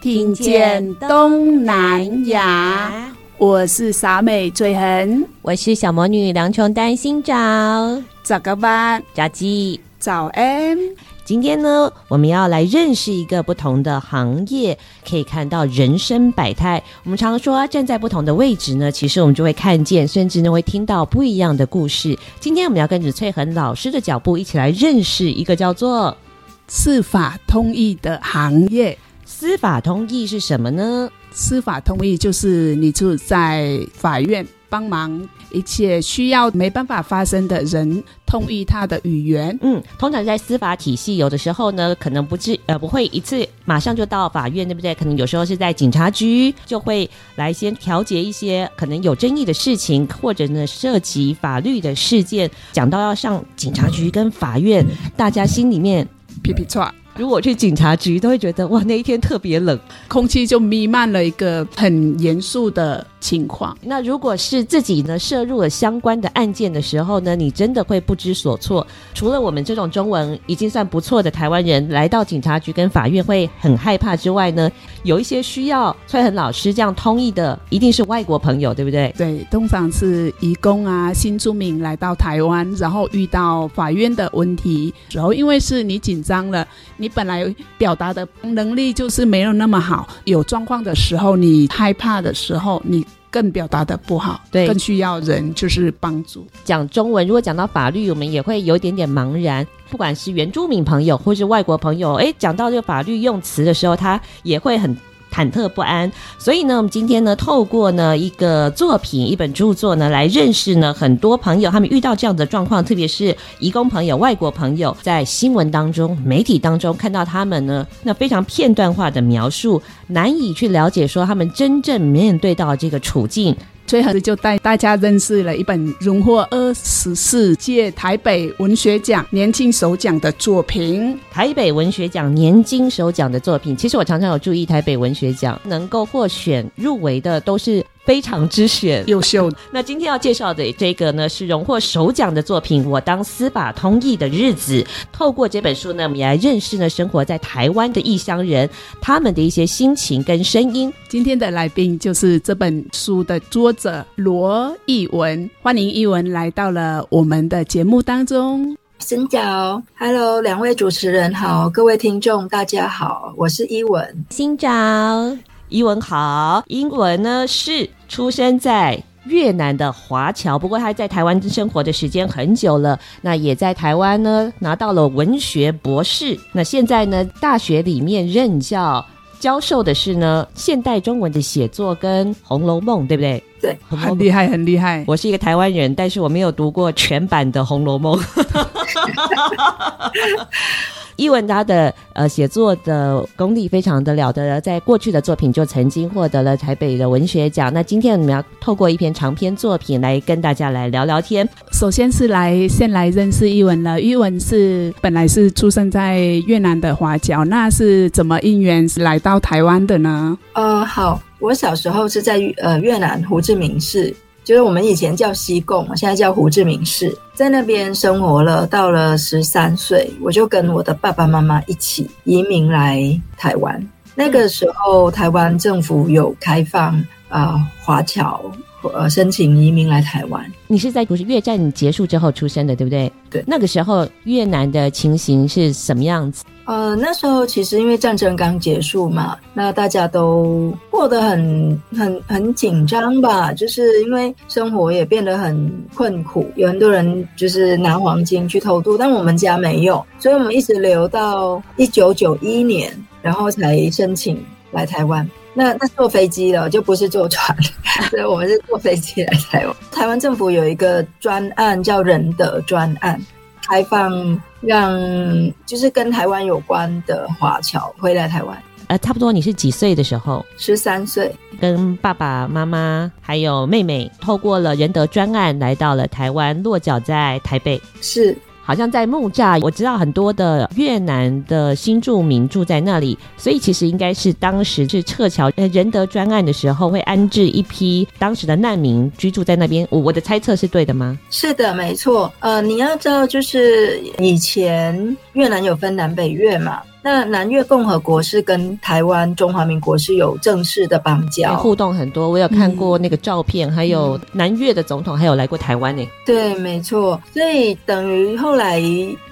聽見東南亞，南亞，我是傻美萃恆，我是小魔女梁瓊丹新，新找早個班，扎雞早，幾早安。今天呢，我們要來認識一個不同的行業，可以看到人生百態。我們常說、啊、站在不同的位置呢，其實我們就會看見，甚至呢會聽到不一樣的故事。今天我們要跟着萃恆老師的腳步，一起來認識一個叫做“司法通譯”的行業。司法通譯是什麼呢？司法通譯就是你就在法院幫忙，一切需要沒辦法發聲的人通譯他的語言。嗯，通常在司法體系，有的時候呢，可能不是呃不會一次馬上就到法院，對不對？可能有時候是在警察局就會來先調解一些可能有爭議的事情，或者呢涉及法律的事件，講到要上警察局跟法院，大家心裡面皮皮挫。如果去警察局，都會覺得哇，那一天特別冷，空氣就彌漫了一個很嚴肅的情況。那如果是自己呢，涉入了相關的案件的時候呢，你真的會不知所措。除了我們這種中文已經算不錯的台灣人來到警察局跟法院會很害怕之外呢，有一些需要萃恆老師這樣通譯的，一定是外國朋友，對不對？對，通常是移工啊、新住民來到台灣，然後遇到法院的問題，然後因為是你緊張了，你。本來表達的能力就是沒有那麼好，有狀況的時候，你害怕的時候，你更表達的不好，對，更需要人就是幫助。講中文，如果講到法律，我們也會有一點點茫然。不管是原住民朋友，或是外國朋友，誒，講到這個法律用詞的時候，他也會很。忐忑不安，所以呢，我們今天呢，透過呢一個作品、一本著作呢，來認識呢很多朋友，他們遇到這樣的狀況，特別是移工朋友、外國朋友，在新聞當中、媒體當中看到他們呢，那非常片段化的描述，難以去了解說他們真正面對到這個處境。所以萃恆就帶大家認識了一本榮獲二十四屆台北文學獎年金首獎的作品。台北文學獎年金首獎的作品，其實我常常有注意，台北文學獎能夠獲選入圍的都是。非常之選，優秀。 那今天要介紹的這個呢，是榮獲首獎的作品《我當司法通譯的日子》。透過這本書，呢，我們也來認識了生活在台灣的異鄉人，他們的一些心情跟聲音。今天的來賓就是這本書的作者羅漪文，歡迎漪文來到了我們的節目當中。Xin chào，Hello，兩位主持人好，嗯、各位聽眾大家好，我是漪文。Xin chào。漪文好，漪文呢是出生在越南的華僑，不過他在台灣生活的時間很久了，那也在台灣呢拿到了文學博士，那現在呢大學裡面任教，教授的是呢現代中文的寫作跟《紅樓夢》，對不對？對，很厲害，很厲害。我是一個台灣人，但是我沒有讀過全版的《紅樓夢》。 漪文他的呃寫作的功力非常的了得了，在過去的作品就曾經獲得了台北的文學獎。那今天我們要透過一篇長篇作品來跟大家來聊聊天。首先是來先來認識漪文了，漪文是本來是出生在越南的華僑，那是怎麼因緣是來到台灣的呢？呃，好，我小時候是在越呃越南胡志明市。就是我們以前叫西貢，現在叫胡志明市，在那邊生活了，到了十三歲，我就跟我的爸爸媽媽一起移民來台灣。那個時候，台灣政府有開放。啊，華僑呃、呃申請移民來台灣。你是在不是越戰結束之後出生的，對不對？對，那個時候越南的情形是什麼樣子？呃，那時候其實因為戰爭剛結束嘛，那大家都過得很很很緊張吧，就是因為生活也變得很困苦，有很多人就是拿黃金去偷渡，但我們家沒有，所以我們一直留到一九九一年，然後才申請來台灣。那那坐飛機了，就不是坐船。 對，我們是坐飛機來台灣。台灣政府有一個專案叫“仁德專案”，開放讓就是跟台灣有關的華僑回來台灣。呃，差不多你是幾歲的時候？十三歲，跟爸爸媽媽還有妹妹，透過了仁德專案來到了台灣，落腳在台北。是。好像在木柵，我知道很多的越南的新住民住在那裡，所以其實應該是當時是撤僑呃仁德專案的時候，會安置一批當時的難民居住在那邊。我我的猜測是對的嗎？是的，沒錯。呃，你要知道，就是以前越南有分南北越嘛。那南越共和國是跟台灣中華民國是有正式的邦交，哎，互動很多。我有看過那個照片，嗯、還有南越的總統還有來過台灣呢。對，沒錯。所以等於後來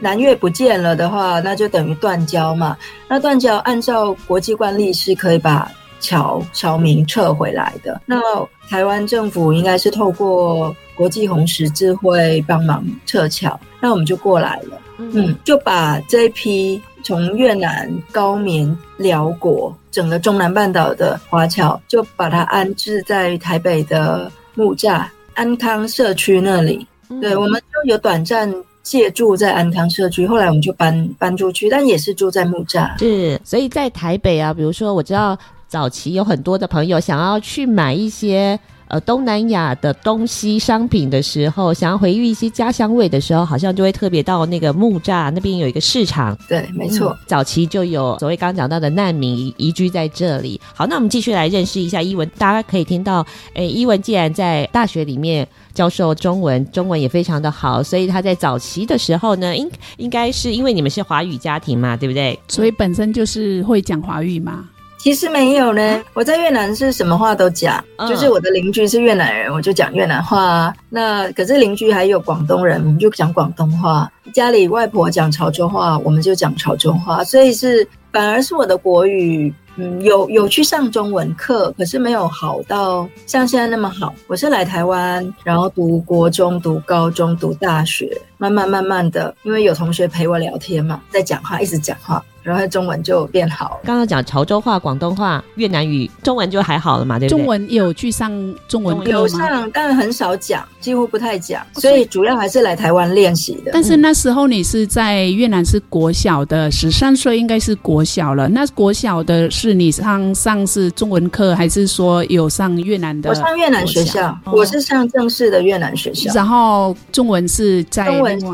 南越不見了的話，那就等於斷交嘛。那斷交按照國際慣例是可以把僑僑民撤回來的。那麼臺灣政府應該是透過國際紅十字會幫忙撤僑，那我們就過來了。嗯，嗯，就把這一批。從越南、高棉、寮國，整個中南半島的華僑，就把它安置在台北的木柵安康社區那裡。嗯哼。對，我們就有短暫借住在安康社區，後來我們就搬搬出去，但也是住在木柵。是，所以在台北啊，比如說我知道早期有很多的朋友想要去買一些。呃，東南亞的東西商品的時候，想要回憶一些家鄉味的時候，好像就會特別到那個木柵那邊有一個市場。對，沒錯。早期就有所謂剛講到的難民移、移居在這裡。好，那我們繼續來認識一下漪文。大家可以聽到，誒、欸，漪文既然在大學裡面教授中文，中文也非常的好，所以他在早期的時候呢，應應該是因為你們是華語家庭嘛，對不對？所以本身就是會講華語嘛。其實沒有呢，我在越南是什麼話都講，就是我的鄰居是越南人，我就講越南話。那可是鄰居還有廣東人，我們就講廣東話。家裡外婆講潮州話，我們就講潮州話。所以是反而是我的國語，嗯，有有去上中文課，可是沒有好到像現在那麼好。我是來台灣，然後讀國中、讀高中、讀大學，慢慢慢慢的，因為有同學陪我聊天嘛，在講話，一直講話。然後中文就變好。剛剛講潮州話、廣東話、越南語，中文就還好了嘛？對不對？中文有去上中文課嗎？有上，但很少講，幾乎不太講。所以主要還是來台灣練習的。但是那時候你是在越南是國小的，十三歲應該是國小了。嗯、那國小的是你上上是中文課，還是說有上越南的？我上越南學校，哦、我是上正式的越南學校。然後中文是在中文是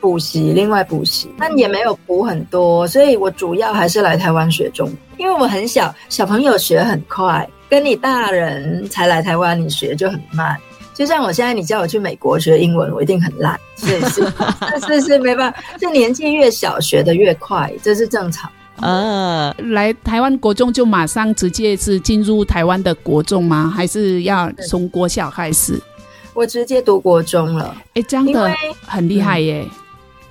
補習，另外補習，但也沒有補很多，所以我。主要還是來台灣學中文，因為我很小，小朋友學很快，跟你大人才來台灣，你學就很慢。就像我現在，你叫我去美國學英文，我一定很爛。是是是是，是沒辦法，就年紀越小學的越快，這是正常。呃、嗯、來台灣國中就馬上直接是進入台灣的國中嗎？還是要從國小開始？我直接讀國中了，哎、欸，這樣的很厲害耶，欸。嗯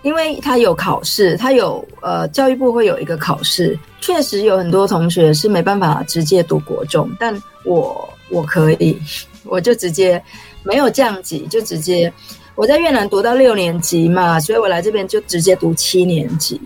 因為他有考試，他有呃教育部會有一個考試，確實有很多同學是沒辦法直接讀國中，但我我可以，我就直接沒有降級，就直接我在越南讀到六年級嘛，所以我來這邊就直接讀七年級，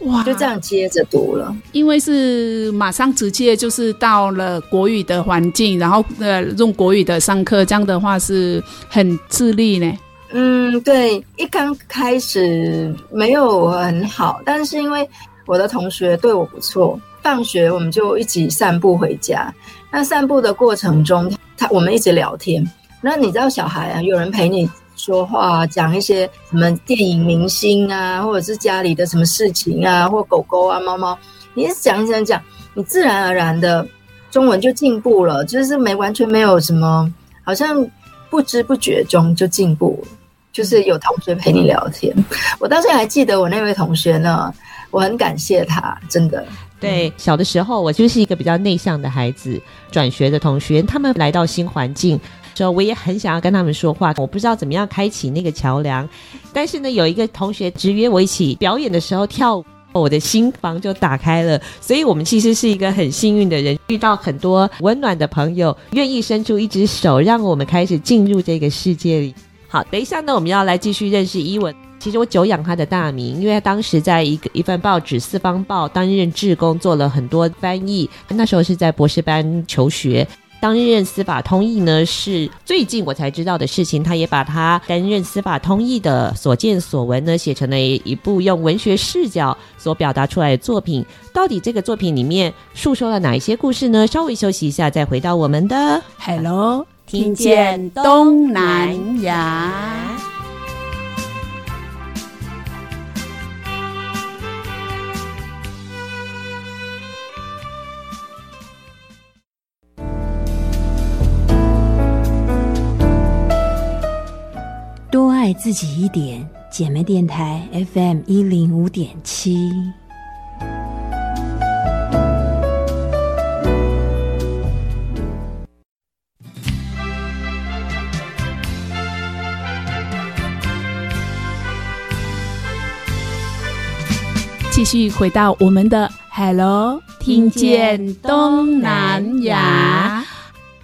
哇，就這樣接着讀了，因為是馬上直接就是到了國語的環境，然後呃用國語的上課，這樣的話是很順利呢？嗯，對，一剛開始沒有很好，但是因為我的同學對我不錯，放學我們就一起散步回家。那散步的過程中，他，他我們一直聊天。那你知道小孩啊，有人陪你說話，講一些什麼電影明星啊，或者是家裡的什麼事情啊，或狗狗啊、貓貓，你一直講講講，你自然而然的中文就進步了，就是沒完全沒有什麼，好像不知不覺中就進步了。就是有同學陪你聊天，我到現在還記得我那位同學呢，我很感謝他，真的。對，小的時候我就是一個比較內向的孩子，轉學的同學，他們來到新環境的時候我也很想要跟他們說話，我不知道怎麼樣開啟那個橋樑，但是呢，有一個同學直約我一起表演的時候跳舞，我的心房就打開了。所以，我們其實是一個很幸運的人，遇到很多溫暖的朋友，願意伸出一隻手，讓我們開始進入這個世界裡。好，等一下呢，我們要來繼續認識伊文。其實我久仰他的大名，因為他當時在一個一份報紙《四方報》擔任志工，做了很多翻譯。他那時候是在博士班求學，擔任司法通譯呢，是最近我才知道的事情。他也把他擔任司法通譯的所見所聞呢，寫成了一部用文學視角所表達出來的作品。到底這個作品裡面述說了哪一些故事呢？稍微休息一下，再回到我們的 Hello。聽見東南亞，多愛自己一點。姐妹電台 FM 一零五點七。繼續回到我們的 Hello，聽見東南亞。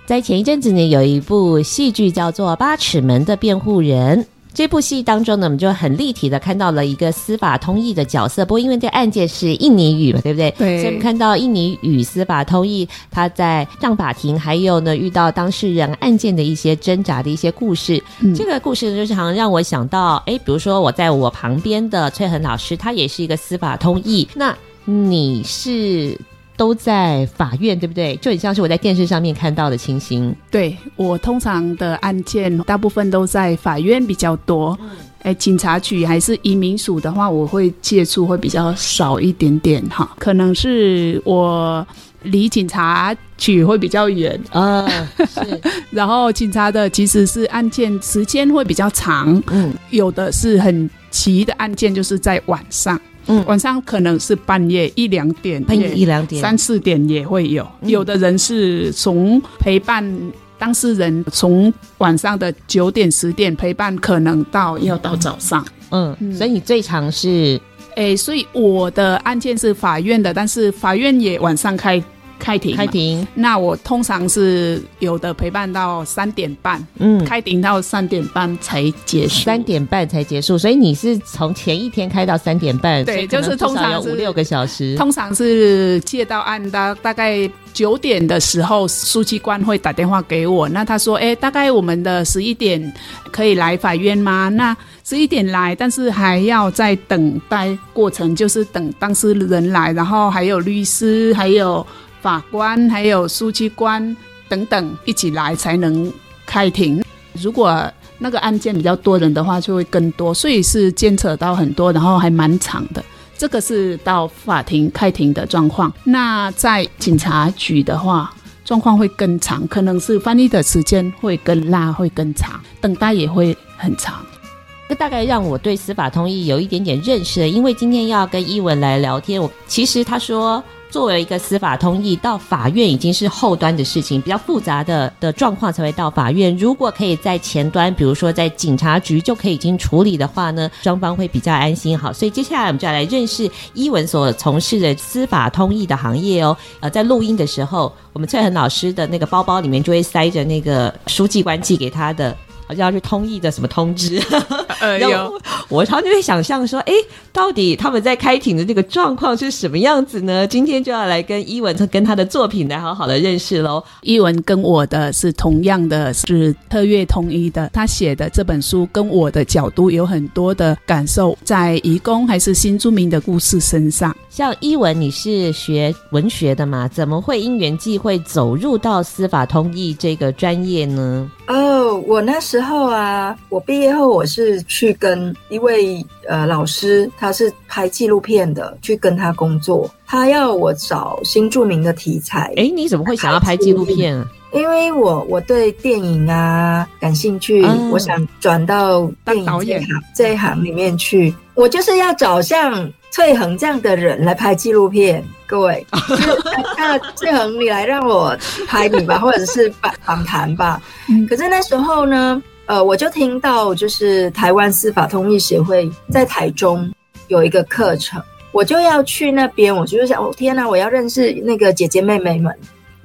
在前一陣子呢，有一部戲劇叫做《八尺門的辯護人》。這部戲當中呢，我們就很立體的看到了一個司法通譯的角色。不過因為這個案件是印尼語嘛，對不對？對。所以我們看到印尼語司法通譯，他在上法庭，還有呢遇到當事人案件的一些掙扎的一些故事。嗯。這個故事呢，就是好像讓我想到，誒，比如說我在我旁邊的萃恆老師，他也是一個司法通譯。那你是？都在法院，對不對？就很像是我在電視上面看到的情形。對，我通常的案件大部分都在法院比較多。哎、嗯，警察局還是移民署的話，我會接觸會比較少一點點哈。可能是我離警察局會比較遠啊，是 然後警察的其實是案件時間會比較長，嗯、有的是很急的案件，就是在晚上。嗯、晚上可能是半夜一兩點，半夜一兩點，三四點也會有。嗯、有的人是從陪伴當事人，從晚上的九點十點陪伴，可能到要到早上。嗯，嗯嗯，所以你最長是，誒、欸，所以我的案件是法院的，但是法院也晚上開。開庭，開庭。那我通常是有的陪伴到三點半，嗯，開庭到三點半才結束，三點半才結束。所以你是從前一天開到三點半，對，就是通常五六個小時。通常是接到案的，大概九點的時候，書記官會打電話給我，那他說：“哎、欸，大概我們的十一點可以來法院嗎？”那十一點來，但是還要再等待過程，就是等當事人來，然後還有律師，還有。法官還有書記官等等一起來才能開庭。如果那個案件比較多人的話，就會更多，所以是牽扯到很多，然後還蠻長的。這個是到法庭開庭的狀況。那在警察局的話，狀況會更長，可能是翻譯的時間會更拉，會更長，等待也會很長。這大概讓我對司法通譯有一點點認識，因為今天要跟漪文來聊天，我其實他說。作為一個司法通譯，到法院已經是後端的事情，比較複雜的的狀況才會到法院。如果可以在前端，比如說在警察局就可以已經處理的話呢，雙方會比較安心。好，所以接下來我們就要來認識漪文所從事的司法通譯的行業哦。呃，在錄音的時候，我們萃恆老師的那個包包裡面就會塞着那個書記官寄給他的。就要去通譯的什麼通知。 哎、呦然後我常常就會想象說，哎，到底他們在開庭的這個狀況是什麼樣子呢？今天就要來跟伊文跟他的作品來好好的認識嘍。伊文跟我的是同樣的，是特約通譯的。他寫的這本書跟我的角度有很多的感受，在移工還是新住民的故事身上。像伊文，你是學文學的嘛？怎麼會因緣際會走入到司法通譯這個專業呢？哦，我那時。之後啊，我畢業後我是去跟一位呃老師，他是拍紀錄片的，去跟他工作，他要我找新住民的題材。誒、欸，你怎麼會想要拍紀錄片？因為我我對電影啊感興趣，嗯、我想轉到電影這行當導演這一行裡面去。我就是要找像萃恆這樣的人來拍紀錄片。各位，那、 啊、萃恆，你來讓我拍你吧， 或者是訪談吧。 可是那時候呢，呃，我就聽到就是台灣司法通譯協會在台中有一個課程，我就要去那邊。我就是想，哦天哪、啊，我要認識那個姐姐妹妹們。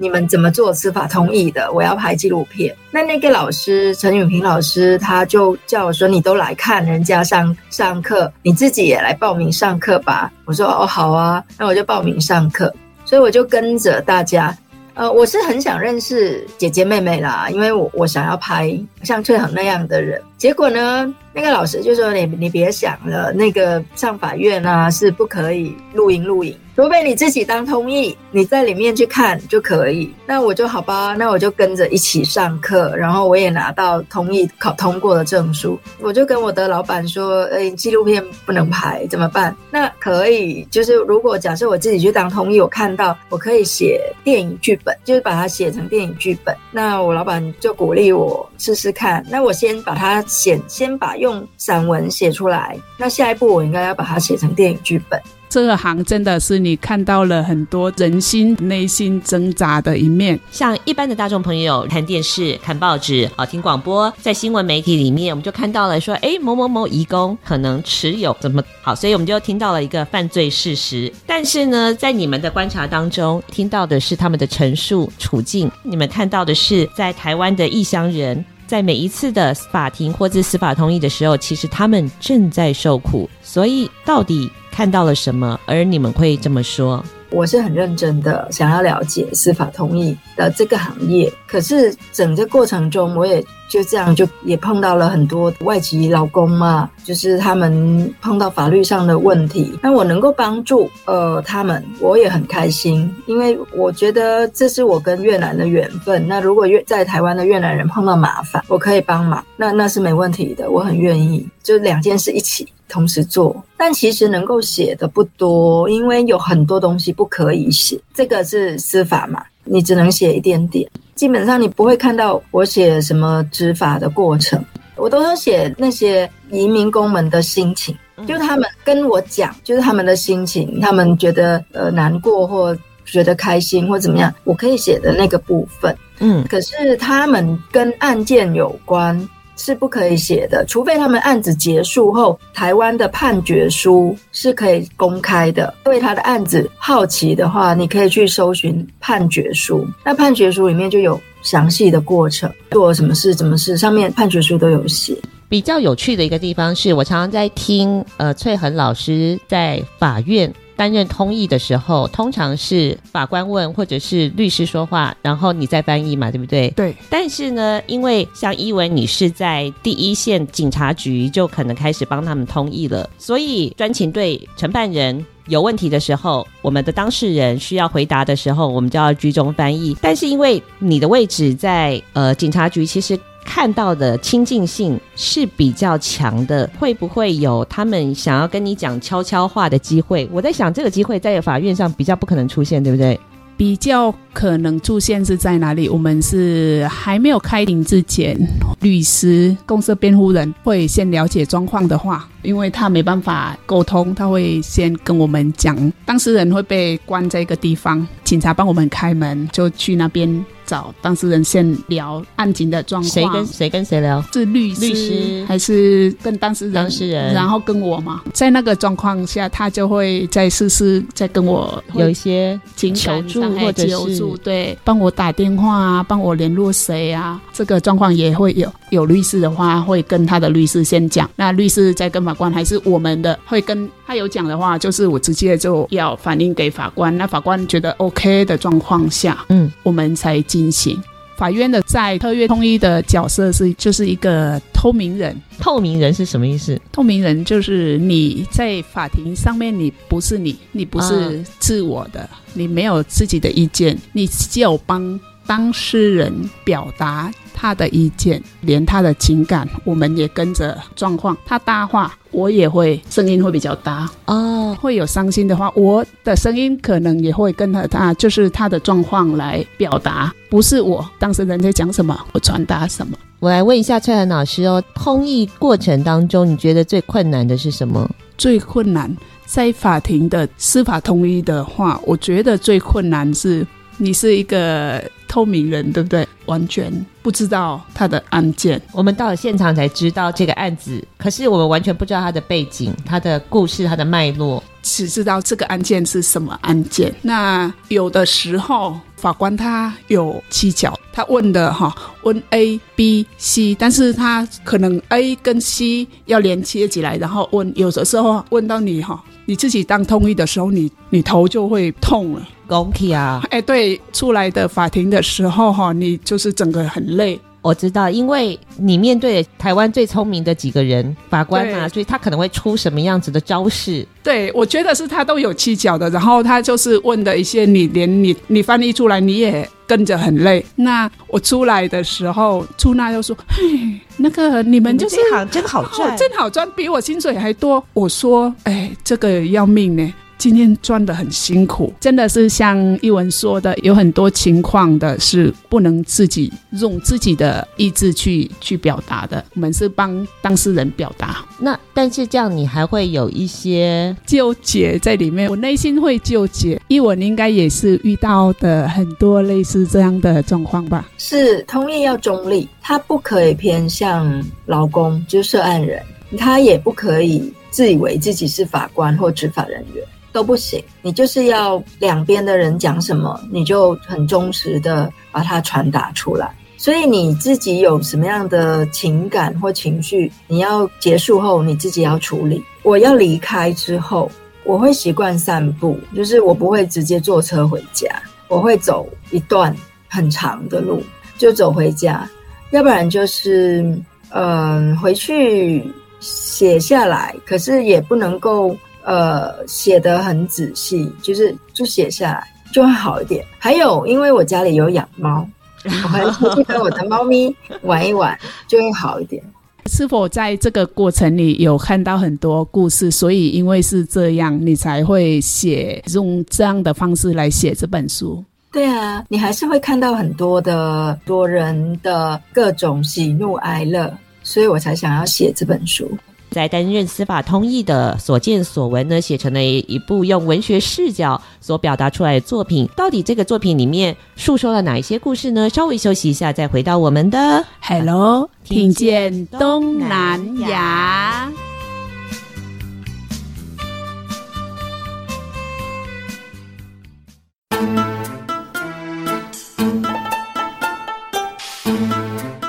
你們怎麼做司法通譯的？我要拍紀錄片，那那個老師陳允平老師，他就叫我說：“你都來看人家上上課，你自己也來報名上課吧。”我說：“哦，好啊，那我就報名上課。”所以我就跟着大家，呃，我是很想認識姐姐妹妹啦，因為我我想要拍像萃恆那樣的人。結果呢？那個老師就說你：“你你別想了，那個上法院啊是不可以錄音錄影，除非你自己當通譯，你在裡面去看就可以。”那我就好吧，那我就跟着一起上課，然後我也拿到通譯考通過的證書。我就跟我的老板說：“哎，紀錄片不能拍，怎麼辦？”那可以，就是如果假設我自己去當通譯，我看到我可以寫電影劇本，就是把它寫成電影劇本。那我老板就鼓勵我試試看。那我先把它寫先先把。用散文寫出來，那下一步我應該要把它寫成電影劇本。這行真的是你看到了很多人心內心掙扎的一面。像一般的大眾朋友看電視、看報紙、啊聽廣播，在新聞媒體裡面，我們就看到了說，誒某某某移工可能持有怎麼好，所以我們就聽到了一個犯罪事實。但是呢，在你們的觀察當中，聽到的是他們的陳述處境，你們看到的是在台灣的異鄉人。在每一次的法庭或者司法通譯的時候，其實他們正在受苦。所以到底看到了什麼？而你們會這麼說？我是很認真的想要了解司法通譯的這個行業。可是，整個過程中，我也。就這樣，就也碰到了很多外籍勞工嘛，就是他們碰到法律上的問題，那我能夠幫助呃他們，我也很開心，因為我覺得這是我跟越南的緣分。那如果越在台灣的越南人碰到麻煩，我可以幫忙，那那是沒問題的，我很願意，就兩件事一起同時做。但其實能夠寫的不多，因為有很多東西不可以寫，這個是司法嘛，你只能寫一點點。基本上你不會看到我寫什麼執法的過程，我都是寫那些移民工們的心情，就他們跟我講，就是他們的心情，他們覺得呃難過或覺得開心或怎麼樣，我可以寫的那個部分。嗯，可是他們跟案件有關。是不可以寫的，除非他們案子結束後，台灣的判決書是可以公開的。對他的案子好奇的話，你可以去搜尋判決書，那判決書裡面就有詳細的過程，做什麼事、怎麼事，上面判決書都有寫。比較有趣的一個地方是，我常常在聽呃萃恆老師在法院，擔任通譯的時候，通常是法官問，或者是律師說話，然後你再翻譯嘛，對不對？對。但是呢，因為像漪文，你是在第一線警察局，就可能開始幫他們通譯了。所以專勤隊承辦人有問題的時候，我們的當事人需要回答的時候，我們就要居中翻譯。但是因為你的位置在呃警察局，其實。看到的親近性是比較強的，會不會有他們想要跟你講悄悄話的機會？我在想，這個機會在法院上比較不可能出現，對不對？比較可能出現是在哪裡？我們是還沒有開庭之前，律師、公設辯護人會先了解狀況的話，因為他沒辦法溝通，他會先跟我們講，當事人會被關在一個地方，警察幫我們開門，就去那邊。找當事人先聊案情的狀況，誰跟誰跟誰聊？是律師，律師還是跟當事人？當事人然後跟我嘛。在那個狀況下，他就會再試試再跟我有一些情感上求助，或者是對幫我打電話，幫我聯絡誰啊？這個狀況也會有。有律師的話，會跟他的律師先講。那律師再跟法官還是我們的會跟？他有講的話，就是我直接就要反映給法官。那法官覺得 OK 的狀況下，嗯，我們才進行。法院的在特約通譯的角色是，就是一個透明人。透明人是什麼意思？透明人就是你在法庭上面，你不是你，你不是自我的，嗯，你沒有自己的意見，你只有幫。當事人表達他的意見，連他的情感，我們也跟着狀況。他搭話，我也會聲音會比較大哦。會有傷心的話，我的聲音可能也會跟他，他就是他的狀況來表達，不是我當事人在講什麼，我傳達什麼。我來問一下萃恆老師哦，通譯過程當中，你覺得最困難的是什麼？最困難在法庭的司法通譯的話，我覺得最困難是。你是一個透明人，對不對？完全不知道他的案件。我們到了現場才知道這個案子，可是我們完全不知道他的背景、嗯、他的故事、他的脈絡，只知道這個案件是什麼案件。那有的時候法官他有蹊蹺，他問的哈，問 A、B、C，但是他可能 A 跟 C 要連接起來，然後問，有的時候問到你哈。你自己當通譯的時候，你你頭就會痛了，狗屁啊！哎、欸，對，出來的法庭的時候哈，你就是整個很累。我知道，因為你面對台灣最聰明的幾個人法官嘛，啊，所以對他可能會出什麼樣子的招式。對，我覺得是他都有蹊蹺的。然後他就是問的一些你連你你翻譯出來你也跟着很累。那我出來的時候，出納又說嘿：“那個你們就是們真好，哦，真好賺，真好賺比我薪水還多。”我說：“哎，這個要命呢。”今天賺得很辛苦，真的是像漪文說的，有很多情況的是不能自己用自己的意志去去表達的。我們是幫當事人表達。那但是這樣你還會有一些糾結在裡面，我內心會糾結。漪文應該也是遇到的很多類似這樣的狀況吧？是，通譯要中立，他不可以偏向勞工，就是、涉案人，他也不可以自以為自己是法官或執法人員。都不行，你就是要兩邊的人講什麼，你就很忠實的把它傳達出來。所以你自己有什麼樣的情感或情緒，你要結束後你自己要處理。我要離開之後，我會習慣散步，就是我不會直接坐車回家，我會走一段很長的路就走回家，要不然就是嗯，呃，回去寫下來，可是也不能夠。呃，寫得很仔細，就是就寫下來就會好一點。還有，因為我家裡有養貓，我還是去跟我的貓咪玩一玩就會好一點。 是否在這個過程裡有看到很多故事？所以因為是這樣，你才會寫用這樣的方式來寫這本書？對啊，你還是會看到很多的多人的各種喜怒哀樂，所以我才想要寫這本書。在擔任《司法通譯》的所見所聞呢，寫成了一部用文學視角所表達出來的作品。到底這個作品裡面述說了哪一些故事呢？稍微休息一下，再回到我們的 Hello，呃，聽見，聽見東南亞。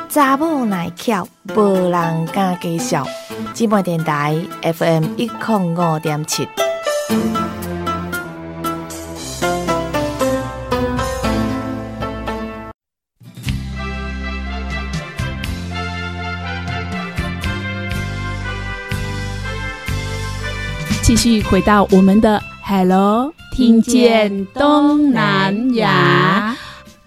查某耐巧，無人敢介紹。姊妹電台 FM 一空五點七，繼續回到我們的 Hello，聽見東南亞。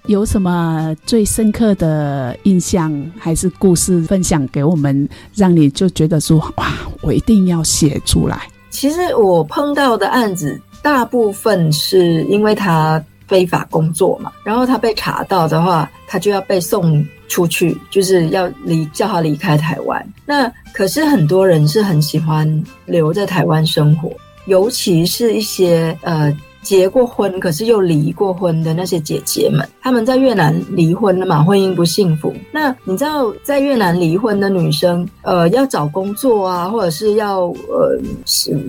有什麼最深刻的印象還是故事分享給我們，讓你就覺得說哇，我一定要寫出來。其實我碰到的案子大部分是因為他非法工作嘛，然後他被查到的話，他就要被送出去，就是要離叫他離開台灣。那可是很多人是很喜歡留在台灣生活，尤其是一些呃。結過婚，可是又離過婚的那些姐姐們，她們在越南離婚了嘛？婚姻不幸福。那你知道，在越南離婚的女生，呃，要找工作啊，或者是要呃，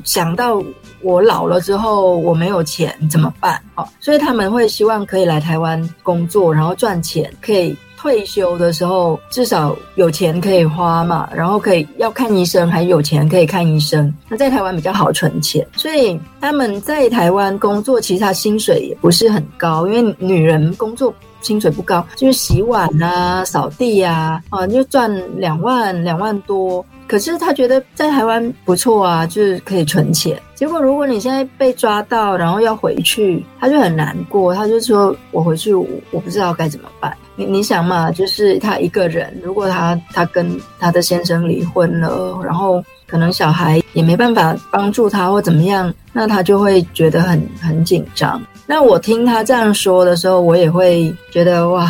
想到我老了之後我沒有錢怎麼辦啊？哦，所以他們會希望可以來台灣工作，然後賺錢，可以。退休的時候至少有錢可以花嘛，然後可以要看醫生，還有錢可以看醫生。那在台灣比較好存錢，所以他們在台灣工作，其實他薪水也不是很高，因為女人工作薪水不高，就是洗碗啊、掃地啊，啊就賺兩萬兩萬多。可是他覺得在台灣不錯啊，就是可以存錢。結果如果你現在被抓到，然後要回去，他就很難過，他就說我回去，我我不知道該怎麼辦。你你想嘛，就是她一個人，如果她她跟她的先生離婚了，然後可能小孩也沒辦法幫助她或怎麼樣，那她就會覺得很很緊張。那我聽她這樣說的時候，我也會覺得哇，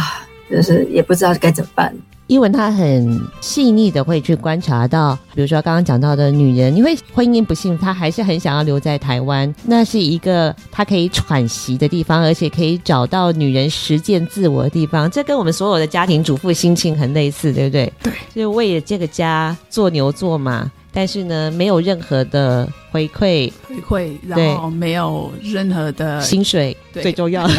就是也不知道該怎麼辦。因為他很細膩的會去觀察到，比如說剛剛講到的女人，因為婚姻不幸，她還是很想要留在台灣，那是一個她可以喘息的地方，而且可以找到女人實踐自我的地方。這跟我們所有的家庭主婦心情很類似，對不對？對，就是為了這個家做牛做馬，但是呢，沒有任何的。回饋，回饋，然後沒有任何的對薪水，對最重要的。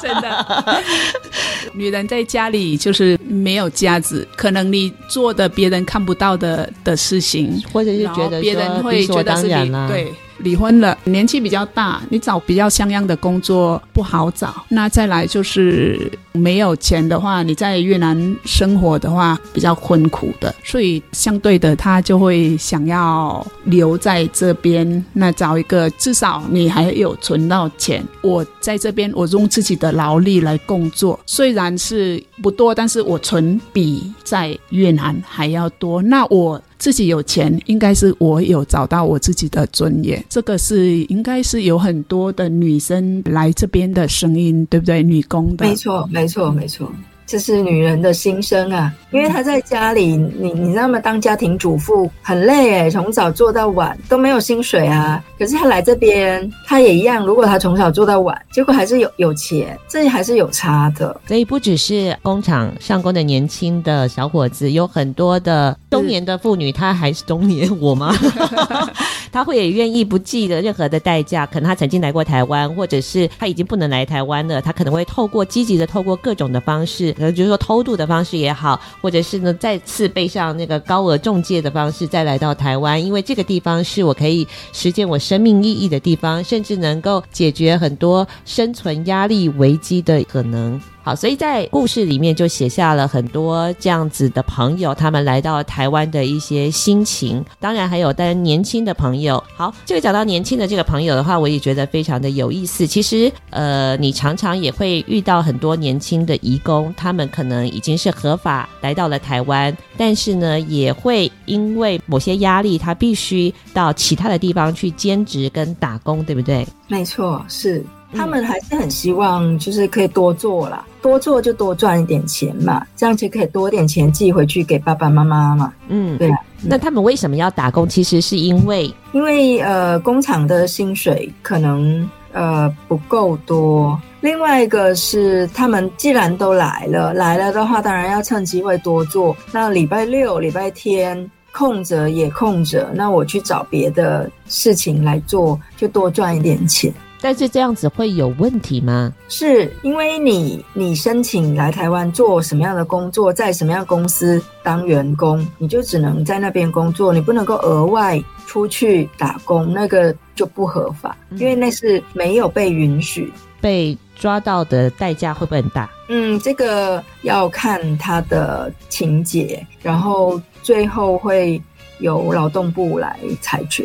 真的， 女人在家裡就是沒有家子，可能你做的別人看不到的的事情，或者是覺得別人會覺得是你。啊、對，離婚了，年紀比較大，你找比較像樣的工作不好找。那再來就是沒有錢的話，你在越南生活的話比較困苦的，所以相對的，他就會想要留。留在這邊，那找一個至少你還有存到錢。我在這邊，我用自己的勞力來工作，雖然是不多，但是我存比在越南還要多。那我自己有錢，應該是我有找到我自己的尊嚴。這個是應該是有很多的女生來這邊的聲音，對不對？女工的。沒錯，沒錯，沒錯。這是女人的心聲啊，因為她在家裡，你你知道嗎？當家庭主婦很累誒，從早做到晚都沒有薪水啊。可是她來這邊，她也一樣。如果她從早做到晚，結果還是有有錢，這還是有差的。所以不只是工廠上工的年輕的小伙子，有很多的中年的婦女，她還是中年，我嗎？ 她會也願意不計的任何的代價。可能她曾經來過台灣，或者是她已經不能來台灣了，她可能會透過積極的，透過各種的方式。呃，就是說偷渡的方式也好，或者是呢，再次背上那個高額仲介的方式再來到台灣，因為這個地方是我可以實踐我生命意義的地方，甚至能夠解決很多生存壓力危機的可能。好，所以在故事裡面就寫下了很多這樣子的朋友，他們來到台灣的一些心情，當然還有當然年輕的朋友。好，這個講到年輕的這個朋友的話，我也覺得非常的有意思。其實，呃，你常常也會遇到很多年輕的移工，他們可能已經是合法來到了台灣，但是呢，也會因為某些壓力，他必須到其他的地方去兼職跟打工，對不對？沒錯，是。他們還是很希望，就是可以多做啦。嗯、多做就多賺一點錢嘛，這樣就可以多點錢寄回去給爸爸媽媽嘛。嗯，對啊。那他們為什麼要打工？其實是因為，因為呃，工廠的薪水可能呃不夠多。另外一個是，他們既然都來了，來了的話，當然要趁機會多做。那禮拜六、禮拜天空着也空着，那我去找別的事情來做，就多賺一點錢。但是這樣子會有問題嗎？是因為你你申請來台灣做什麼樣的工作，在什麼樣的公司當員工，你就只能在那邊工作，你不能夠額外出去打工，那個就不合法，因為那是沒有被允許。被抓到的代價會不會很大？嗯，這個要看他的情節，然後最後會由勞動部來裁決。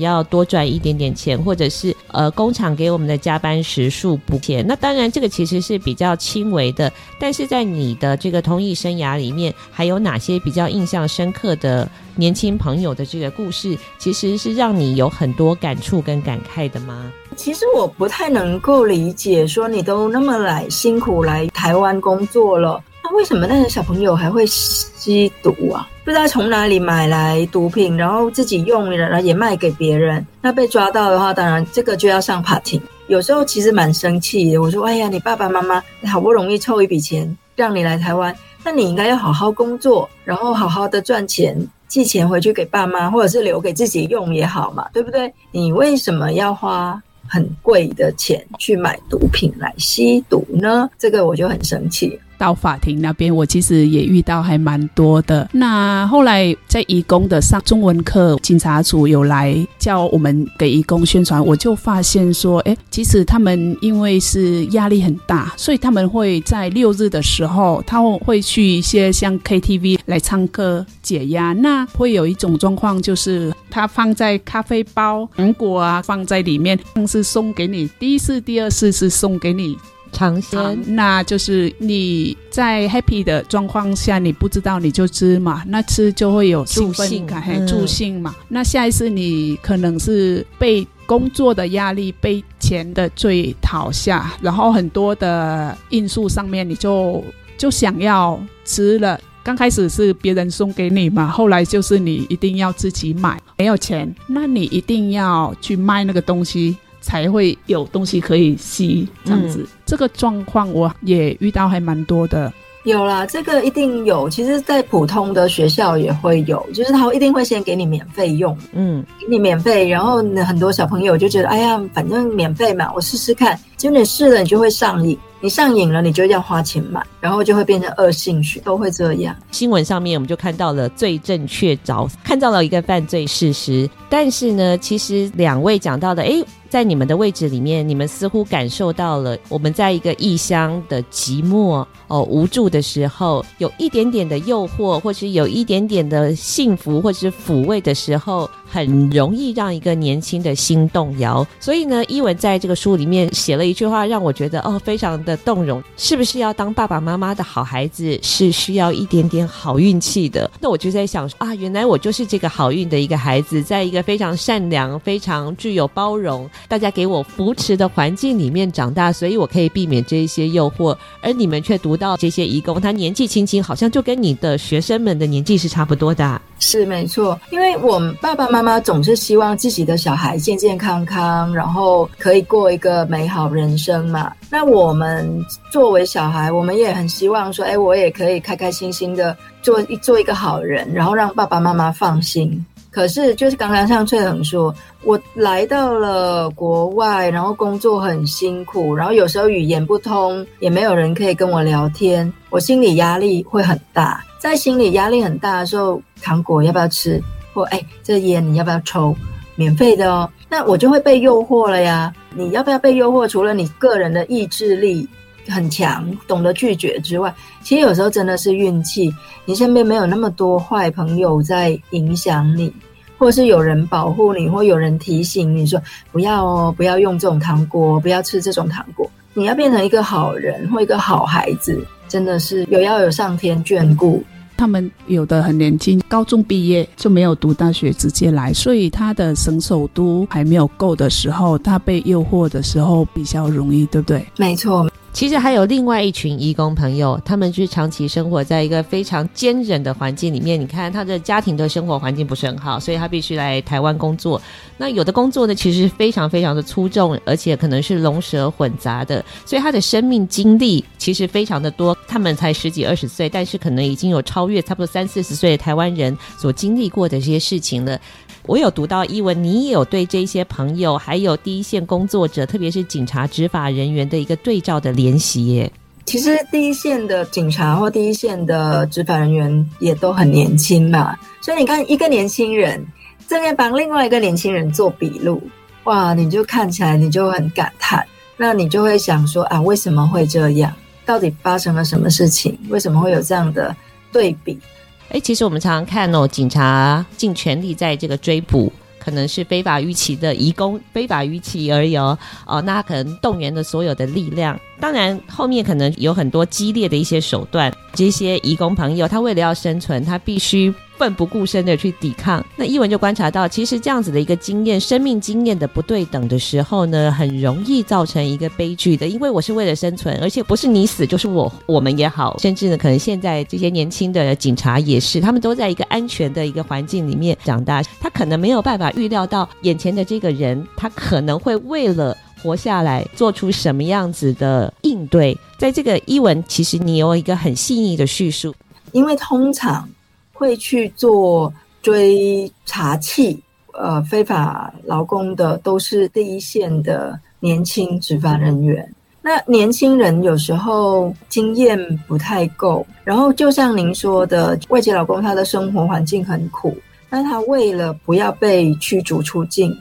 要多賺一點點錢，或者是呃工廠給我們的加班時數補貼。那當然，這個其實是比較輕微的。但是在你的這個通譯生涯裡面，還有哪些比較印象深刻的年輕朋友的這個故事，其實是讓你有很多感觸跟感慨的嗎？其實我不太能夠理解，說你都那麼來辛苦來台灣工作了。為什麼那些小朋友還會吸毒啊？不知道從哪裡買來毒品，然後自己用了，然後也賣給別人。那被抓到的話，當然這個就要上法庭。有時候其實蠻生氣的，我說：“哎呀，你爸爸媽媽好不容易湊一筆錢讓你來台灣，那你應該要好好工作，然後好好的賺錢，寄錢回去給爸媽，或者是留給自己用也好嘛，對不對？你為什麼要花很貴的錢去買毒品來吸毒呢？這個我就很生氣。”到法庭那邊，我其實也遇到還蠻多的。那後來在移工的上中文課，警察組有來叫我們給移工宣傳，我就發現說，哎，即使他們因為是壓力很大，所以他們會在六日的時候，他會去一些像 KTV 來唱歌解壓。那會有一種狀況，就是他放在咖啡包、糖果啊放在裡面，上次送給你第一次、第二次是送給你。嘗鮮，常，那就是你在 happy 的狀況下，你不知道你就吃嘛，那吃就會有興奮感，還助興嘛。嗯、那下一次你可能是被工作的壓力、被錢的追討下，然後很多的因素上面，你就就想要吃了。剛開始是別人送給你嘛，後來就是你一定要自己買，沒有錢，那你一定要去賣那個東西。才會有東西可以吸，這樣子，嗯、這個狀況我也遇到還蠻多的。有啦，這個一定有。其實，在普通的學校也會有，就是他一定會先給你免費用，嗯，給你免費，然後呢，很多小朋友就覺得，哎呀，反正免費嘛，我試試看。結果你試了，你就會上癮，你上癮了，你就要花錢買，然後就會變成惡性循環，都會這樣。新聞上面我們就看到了罪證確鑿，看到了一個犯罪事實，但是呢，其實兩位講到的，哎。在你們的位置裡面，你們似乎感受到了我們在一個異鄉的寂寞。哦，無助的時候，有一點點的誘惑，或是有一點點的幸福，或是撫慰的時候，很容易讓一個年輕的心動搖。所以呢，漪文在這個書裡面寫了一句話，讓我覺得哦，非常的動容。是不是要當爸爸媽媽的好孩子，是需要一點點好運氣的？那我就在想啊，原來我就是這個好運的一個孩子，在一個非常善良、非常具有包容、大家給我扶持的環境裡面長大，所以我可以避免這一些誘惑，而你們卻獨。到這些移工，他年紀輕輕，好像就跟你的學生們的年紀是差不多的。是沒錯，因為我們爸爸媽媽總是希望自己的小孩健健康康，然後可以過一個美好人生嘛。那我們作為小孩，我們也很希望說，哎，我也可以開開心心的做一做一個好人，然後讓爸爸媽媽放心。可是，就是剛剛像萃恆說，我來到了國外，然後工作很辛苦，然後有時候語言不通，也沒有人可以跟我聊天，我心理壓力會很大。在心理壓力很大的時候，糖果要不要吃？或哎，這菸你要不要抽？免費的哦，那我就會被誘惑了呀。你要不要被誘惑？除了你個人的意志力。很強，懂得拒絕之外，其實有時候真的是運氣。你身邊沒有那麼多壞朋友在影響你，或是有人保護你，或有人提醒你說不要哦，不要用這種糖果，不要吃這種糖果。你要變成一個好人或一個好孩子，真的是有要有上天眷顧。他們有的很年輕，高中畢業就沒有讀大學，直接來，所以他的承受都還沒有夠的時候，他被誘惑的時候比較容易，對不對？沒錯。其實還有另外一群移工朋友，他們是長期生活在一個非常堅韌的環境裡面。你看，他的家庭的生活環境不是很好，所以他必須來台灣工作。那有的工作呢，其實非常非常的粗重，而且可能是龍蛇混雜的，所以他的生命經歷其實非常的多。他們才十幾二十歲，但是可能已經有超越差不多三四十歲的台灣人所經歷過的這些事情了。我有讀到漪文，你也有對這些朋友，還有第一線工作者，特別是警察、執法人員的一個對照的聯繫耶。其實第一線的警察或第一線的執法人員也都很年輕嘛，所以你看一個年輕人正在幫另外一個年輕人做筆錄，哇，你就看起來你就很感嘆，那你就會想說啊，為什麼會這樣？到底發生了什麼事情？為什麼會有這樣的對比？哎、欸，其實我們常常看哦，警察盡全力在這個追捕，可能是非法逾期的移工，非法逾期而已哦，哦，那他可能動員了所有的力量，當然後面可能有很多激烈的一些手段，這些移工朋友他為了要生存，他必須。奮不顧身的去抵抗。那漪文就觀察到，其實這樣子的一個經驗、生命經驗的不對等的時候呢，很容易造成一個悲劇的。因為我是為了生存，而且不是你死就是我，我們也好，甚至呢，可能現在這些年輕的警察也是，他們都在一個安全的一個環境裡面長大，他可能沒有辦法預料到眼前的這個人，他可能會為了活下來做出什麼樣子的應對。在這個漪文，其實你有一個很細膩的敘述，因為通常。會去做追查器，呃，非法勞工的都是第一線的年輕執法人員。那年輕人有時候經驗不太夠，然後就像您說的，外籍勞工他的生活環境很苦，那他為了不要被驅逐出境，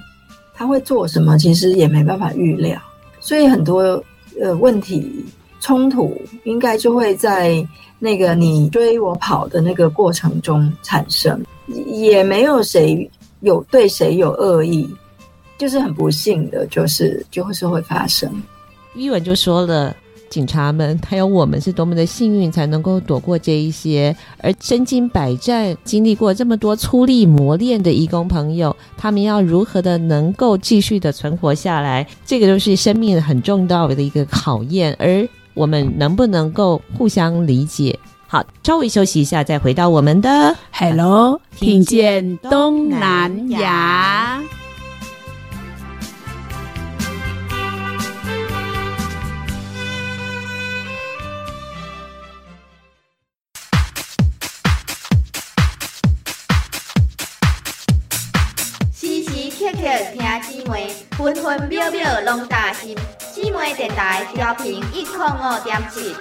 他會做什麼，其實也沒辦法預料。所以很多呃問題。衝突應該就會在那個你追我跑的那個過程中產生，也沒有誰有對誰有惡意，就是很不幸的，就是就是會發生。漪文就說了，警察們還有我們是多麼的幸運，才能夠躲過這一些，而身經百戰、經歷過這麼多粗礪磨練的移工朋友，他們要如何的能夠繼續的存活下來，這個都是生命很重大的一個考驗，而。我們能不能夠互相理解？好，稍微休息一下，再回到我們的 “Hello，聽見東南亞”南亞。分分秒秒攏擔心，姊妹電台調頻一空五點七。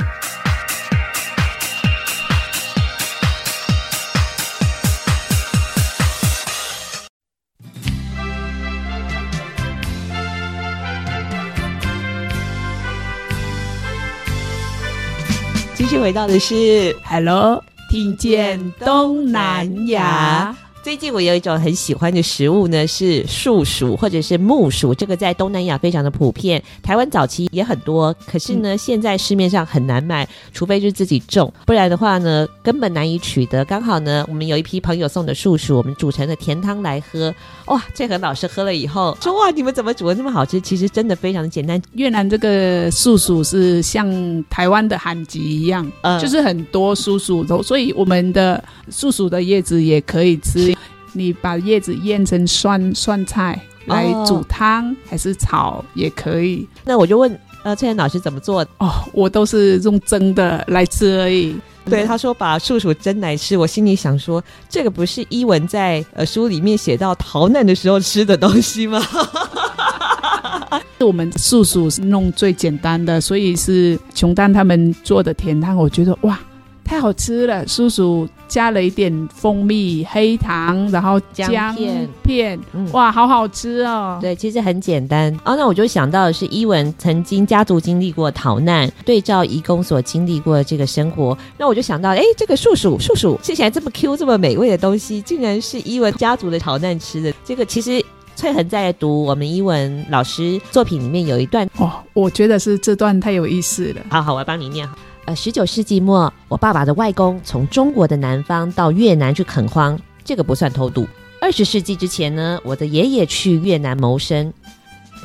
繼續回到的是，Hello，聽見東南亞。最近我有一種很喜歡的食物呢，是樹薯或者是木薯，這個在東南亞非常的普遍，台灣早期也很多，可是呢，嗯、現在市面上很難買，除非是自己種，不然的話呢，根本難以取得。剛好呢，我們有一批朋友送的樹薯，我們煮成了甜湯來喝，哇！這和老師喝了以後說：“哇，你們怎麼煮的那麼好吃？”其實真的非常的簡單。越南這個樹薯是像台灣的旱己一樣，呃、就是很多樹薯，所以我們的樹薯的葉子也可以吃。你把葉子醃成酸酸菜來煮湯，哦、還是炒也可以。那我就問，呃，萃恆老師怎麼做？哦，我都是用蒸的來吃而已。對，嗯、他說把樹薯蒸來吃，我心裡想說，這個不是漪文在呃書裡面寫到逃難的時候吃的東西嗎？ 是我們樹薯弄最簡單的，所以是瓊丹他們做的甜湯。我覺得哇。太好吃了，叔叔加了一點蜂蜜、黑糖，然後薑片薑片，哇，嗯、好好吃哦！對，其實很簡單。哦，那我就想到的是漪文曾經家族經歷過逃難，對照移工所經歷過的這個生活，那我就想到，哎，這個叔叔叔叔吃起來這麼 Q 這麼美味的東西，竟然是漪文家族的逃難吃的。這個其實萃恆在讀我們漪文老師作品裡面有一段哦，我覺得是這段太有意思了。好好，我要幫你念好。呃，十九世紀末，我爸爸的外公從中國的南方到越南去墾荒，這個不算偷渡。二十世紀之前呢，我的爺爺去越南謀生，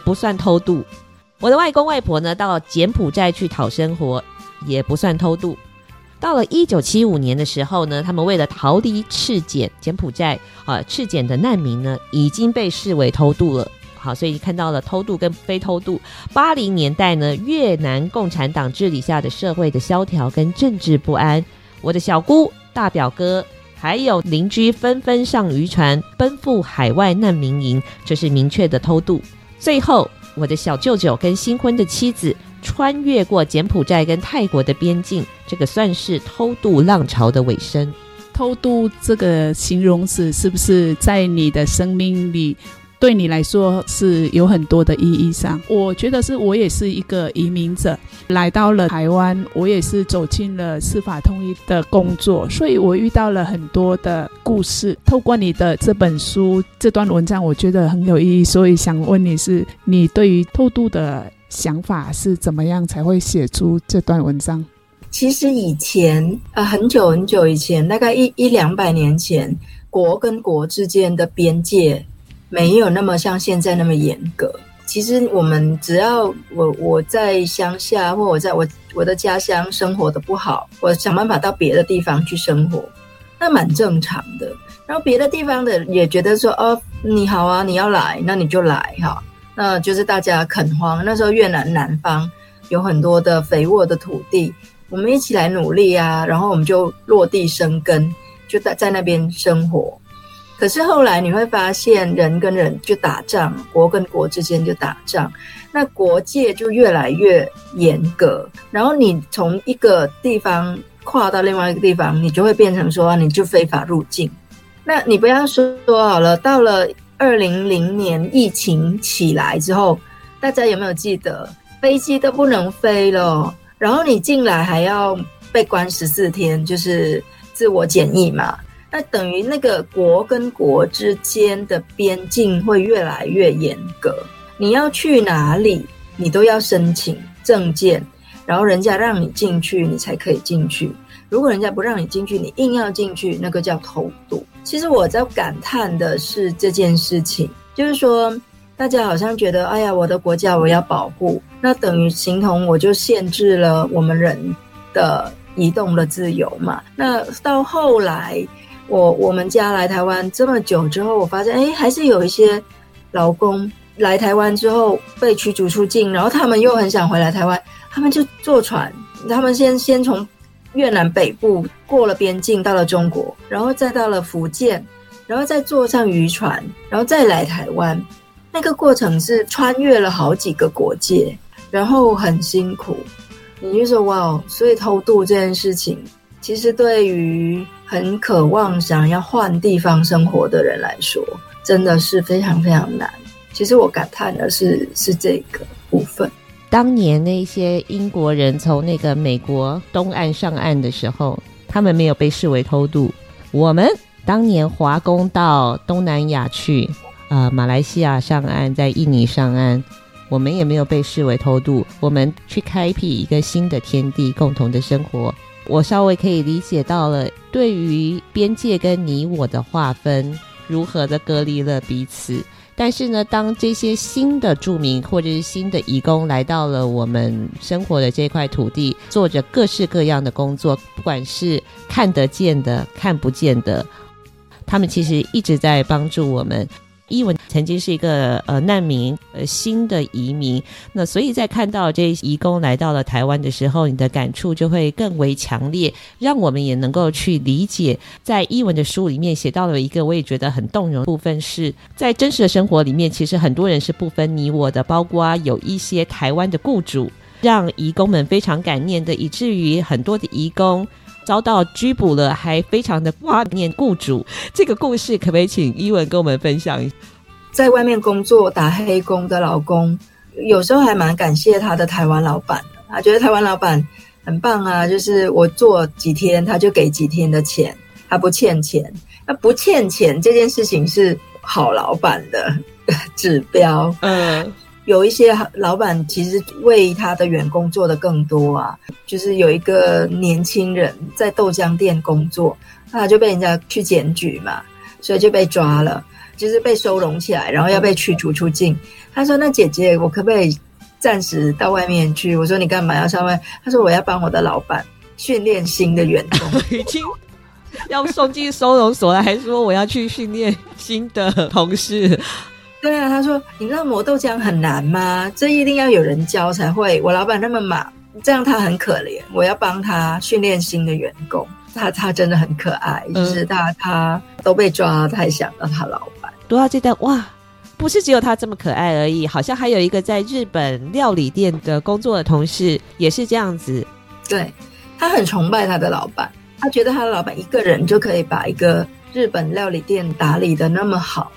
不算偷渡。我的外公外婆呢，到柬埔寨去討生活，也不算偷渡。到了一九七五年的時候呢，他們為了逃離赤柬，柬埔寨，啊、呃，赤柬的難民呢，已經被視為偷渡了。好，所以看到了偷渡跟非偷渡。八零年代呢，越南共產黨治理下的社會的蕭條跟政治不安，我的小姑、大表哥還有鄰居紛紛上漁船奔赴海外難民營，這是明確的偷渡。最後，我的小舅舅跟新婚的妻子穿越過柬埔寨跟泰國的邊境，這個算是偷渡浪潮的尾聲。偷渡這個形容詞是，是不是在你的生命裡？對你來說是有很多的意義上，我覺得是我也是一個移民者，來到了台灣，我也是走進了司法通譯的工作，所以我遇到了很多的故事。透過你的這本書這段文章，我覺得很有意義，所以想問你是你對於偷渡的想法是怎麼樣才會寫出這段文章？其實以前呃，很久很久以前，大概一一兩百年前，國跟國之間的邊界。沒有那麼像現在那麼嚴格。其實我們只要我我在鄉下，或我在我我的家鄉生活得不好，我想辦法到別的地方去生活，那蠻正常的。然後別的地方的人也覺得說，哦，你好啊，你要來，那你就來哈、啊。那就是大家墾荒。那時候越南南方有很多的肥沃的土地，我們一起來努力啊，然後我們就落地生根，就在在那邊生活。可是後來你會發現，人跟人就打仗，國跟國之間就打仗，那國界就越來越嚴格。然後你從一個地方跨到另外一個地方，你就會變成說，你就非法入境。那你不要說，說好了，到了二零零年疫情起來之後，大家有沒有記得飛機都不能飛了？然後你進來還要被關十四天，就是自我檢疫嘛。那等於那個國跟國之間的邊境會越來越嚴格，你要去哪裡，你都要申請證件，然後人家讓你進去，你才可以進去。如果人家不讓你進去，你硬要進去，那個叫偷渡。其實我在感嘆的是這件事情，就是說大家好像覺得，哎呀，我的國家我要保護，那等於形同我就限制了我們人的移動的自由嘛。那到後來。我我們家來台灣這麼久之後，我發現哎，還是有一些勞工來台灣之後被驅逐出境，然後他們又很想回來台灣，他們就坐船，他們先先從越南北部過了邊境到了中國，然後再到了福建，然後再坐上漁船，然後再來台灣，那個過程是穿越了好幾個國界，然後很辛苦，你就說哇哦，所以偷渡這件事情。其實，對於很渴望想要換地方生活的人來說，真的是非常非常難。其實我感嘆的是，是這個部分。當年那些英國人從那個美國東岸上岸的時候，他們沒有被視為偷渡。我們當年華工到東南亞去，呃，馬來西亞上岸，在印尼上岸，我們也沒有被視為偷渡。我們去開闢一個新的天地，共同的生活。我稍微可以理解到了，對於邊界跟你我的劃分，如何的隔離了彼此。但是呢，當這些新的住民或者是新的移工來到了我們生活的這塊土地，做着各式各樣的工作，不管是看得見的、看不見的，他們其實一直在幫助我們。漪文曾經是一個呃難民，呃新的移民。那所以在看到這些移工來到了台灣的時候，你的感觸就會更為強烈，讓我們也能夠去理解。在漪文的書裡面寫到了一個我也覺得很動容的部分是，是在真實的生活裡面，其實很多人是不分你我的，包括有一些台灣的雇主，讓移工們非常感念的，以至於很多的移工，遭到拘捕了，還非常的掛念雇主。這個故事可不可以請漪文跟我們分享一下？在外面工作打黑工的老公，有時候還蠻感謝他的台灣老闆。他覺得台灣老闆很棒啊，就是我做幾天他就給幾天的錢，他不欠錢。他不欠錢，不欠錢這件事情是好老闆的指標。嗯。有一些老闆其實為他的員工做的更多啊，就是有一個年輕人在豆漿店工作，他就被人家去檢舉嘛，所以就被抓了，就是被收容起來，然後要被驅逐出境。他說：“那姐姐，我可不可以暫時到外面去？”我說：“你幹嘛要上外？”他說：“我要幫我的老闆訓練新的員工， 已經要送進收容所了，還說我要去訓練新的同事。”對啊，他說：“你知道磨豆漿很難嗎？這一定要有人教才會。我老闆那麼忙，這樣他很可憐。我要幫他訓練新的員工，他他真的很可愛，嗯、就是他他都被抓，他還想到他老闆。讀到這段哇，不是只有他這麼可愛而已，好像還有一個在日本料理店的工作的同事也是這樣子，對他很崇拜他的老闆，他覺得他的老闆一個人就可以把一個日本料理店打理的那麼好。”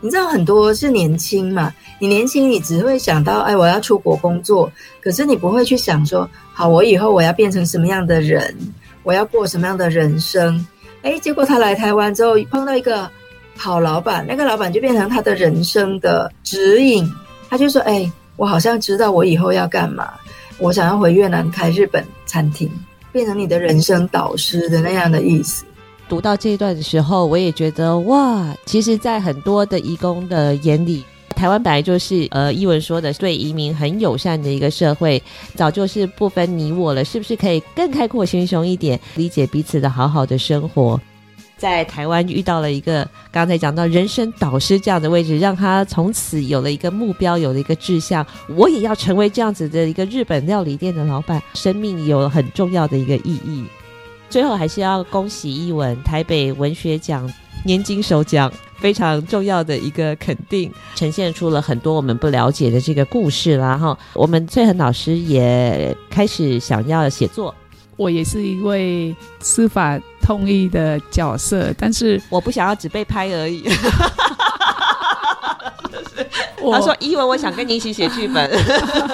你知道很多是年輕嘛？你年輕，你只會想到，哎，我要出國工作。可是你不會去想說，好，我以後我要變成什麼樣的人，我要過什麼樣的人生？哎，結果他來台灣之後，碰到一個好老板，那個老板就變成他的人生的指引。他就說，哎，我好像知道我以後要幹嘛，我想要回越南開日本餐廳，變成你的人生導師的那樣的意思。讀到這一段的時候，我也覺得哇，其實，在很多的移工的眼裡，台灣本來就是呃，漪文說的對移民很友善的一個社會，早就是不分你我了，是不是可以更開闊心胸一點，理解彼此的好好的生活。在台灣遇到了一個剛才講到人生導師這樣的位置，讓他從此有了一個目標，有了一個志向，我也要成為這樣子的一個日本料理店的老板，生命有了很重要的一個意義。最後還是要恭喜漪文台北文學獎年金首獎，非常重要的一個肯定，呈現出了很多我們不了解的這個故事啦。哈，我們萃恆老師也開始想要寫作，我也是一位司法通譯的角色，但是我不想要只被拍而已。 我他說：“漪文，我想跟你一起寫劇本，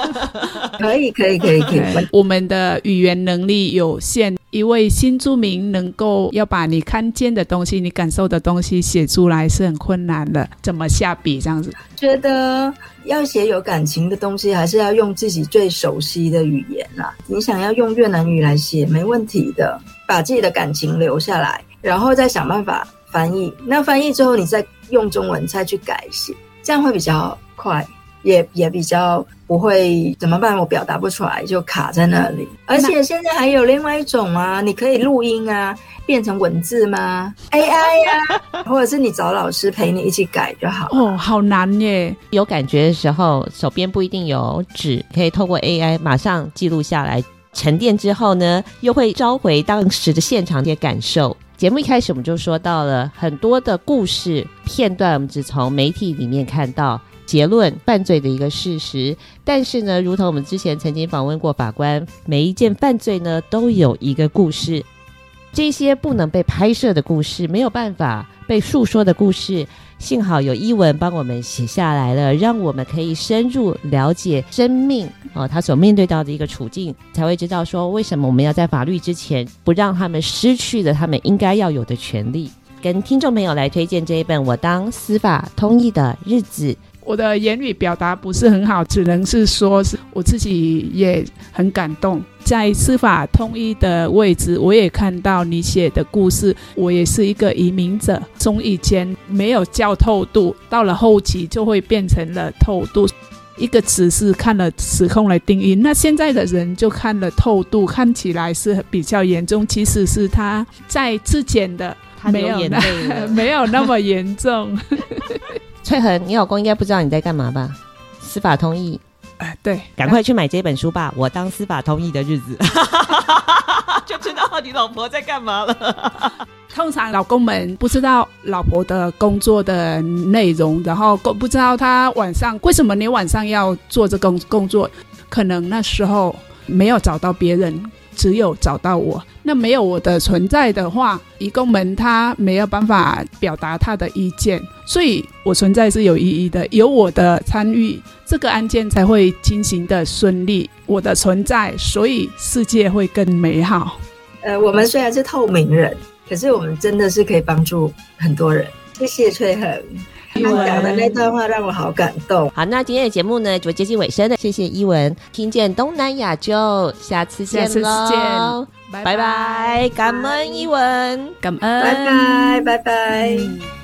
可以，可以，可以，可以。 我們的語言能力有限，一位新住民能夠要把你看見的東西、你感受的東西寫出來是很困難的。怎麼下筆？這樣子，覺得要寫有感情的東西，還是要用自己最熟悉的語言啦、啊。你想要用越南語來寫，沒問題的。把自己的感情留下來，然後再想辦法翻譯。那翻譯之後，你再用中文再去改寫，這樣會比較好。”快也也比較不會怎麼辦？我表達不出來，就卡在那裡。而且現在還有另外一種啊，你可以錄音啊，變成文字嗎？AI 呀、啊， 或者是你找老師陪你一起改就好。哦，好難耶！有感覺的時候，手邊不一定有紙，可以透過 AI 馬上記錄下來。沉澱之後呢，又會召回當時的現場的感受。節目一開始我們就說到了很多的故事片段，我們只從媒體裡面看到。結論犯罪的一個事實，但是呢，如同我們之前曾經訪問過法官，每一件犯罪呢，都有一個故事，這些不能被拍攝的故事，沒有辦法被訴說的故事，幸好有漪文幫我們寫下來了，讓我們可以深入了解生命啊、哦，他所面對到的一個處境，才會知道說為什麼我們要在法律之前不讓他們失去了他們應該要有的權利。跟聽眾朋友來推薦這一本《我當司法通譯的日子》。我的言語表達不是很好，只能是說是我自己也很感動。在司法通譯的位置，我也看到你寫的故事。我也是一個移民者，從以前沒有叫偷渡，到了後期就會變成了偷渡。一個詞是看了時空來定義，那現在的人就看了偷渡，看起來是比較嚴重，其實是他在之前的，沒有沒有，沒有那麼嚴重。 萃恆，你老公應該不知道你在幹嘛吧？司法通譯，哎、呃，對，趕快去買這本書吧。我當司法通譯的日子， 就知道你老婆在幹嘛了 通常老公們不知道老婆的工作的內容，然後不不知道她晚上為什麼你晚上要做這工工作，可能那時候沒有找到別人，只有找到我。那沒有我的存在的話，移工們他沒有辦法表達他的意見，所以我存在是有意義的，有我的參與，這個案件才會進行的順利。我的存在，所以世界會更美好。呃，我們雖然是透明人，可是我們真的是可以幫助很多人。謝謝萃恆。漪文講的那段話讓我好感動。漪文。好，那今天的節目呢，就接近尾聲了。謝謝漪文，聽見東南亞就下次見嘍，下次見，拜拜，感恩漪文，bye bye 感恩，拜拜拜拜。